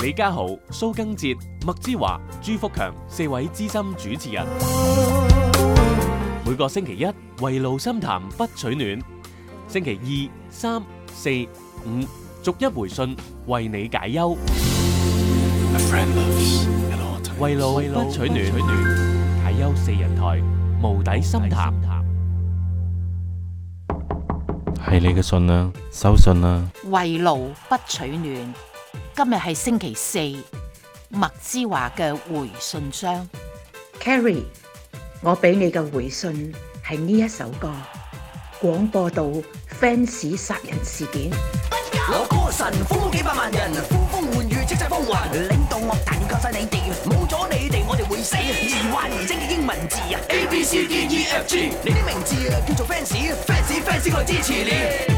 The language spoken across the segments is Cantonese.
李家豪、蘇更哲、麥之華、朱福強四位資深主持人，每個星期一為路深談不取暖，星期二、三、四、五逐一回信為你解憂。為路不，不取暖，解憂四人台，無底深談。係你嘅信啊，收信啊，為路不取暖。今日係星期四，麥之華嘅回信箱。Carrie，我俾你嘅回信係呢一首歌。廣播到 fans 殺人事件。我歌神，風風幾百萬人，呼風喚雨叱咤風雲。領導我，但要靠曬你哋。冇咗你哋，我哋會死。二畫完整嘅英文字啊，A B C D E F G。你啲名字啊，叫做 fans，fans fans 我支持你。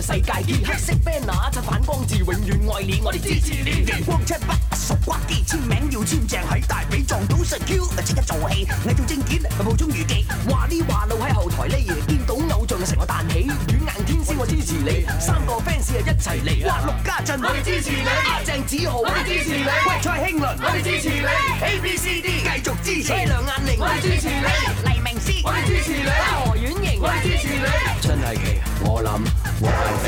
世界啲黑色 banner 將反光字永遠愛你，我哋支持你。熒光漆不熟骨機，簽名要簽正喺大髀撞到神 Q 特即一做氣，你做證件係冇中余記，話呢話路喺後台呢，見到偶像成個彈起，軟硬天師我支持你，三個 fans 一齊嚟，哇陸家俊我哋支持你，鄭子豪我哋支持你，蔡興麟我哋支持你，A B C D 繼續支持，喂梁雁翎我支持你，黎明詩我哋支持你。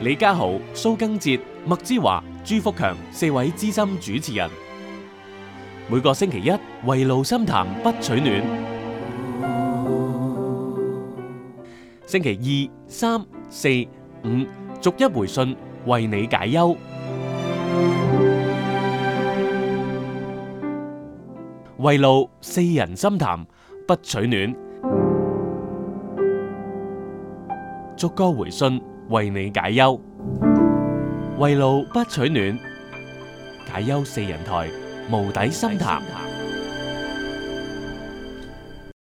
李家豪、蘇更捷、麥之華、朱福強四位資深主持人，每個星期一圍爐心談不取暖，星期二、三、四、五逐一回信為你解憂，圍爐四人心談不取暖，逐個回信。為你解憂，為路不取暖，解憂四人台，無底深潭。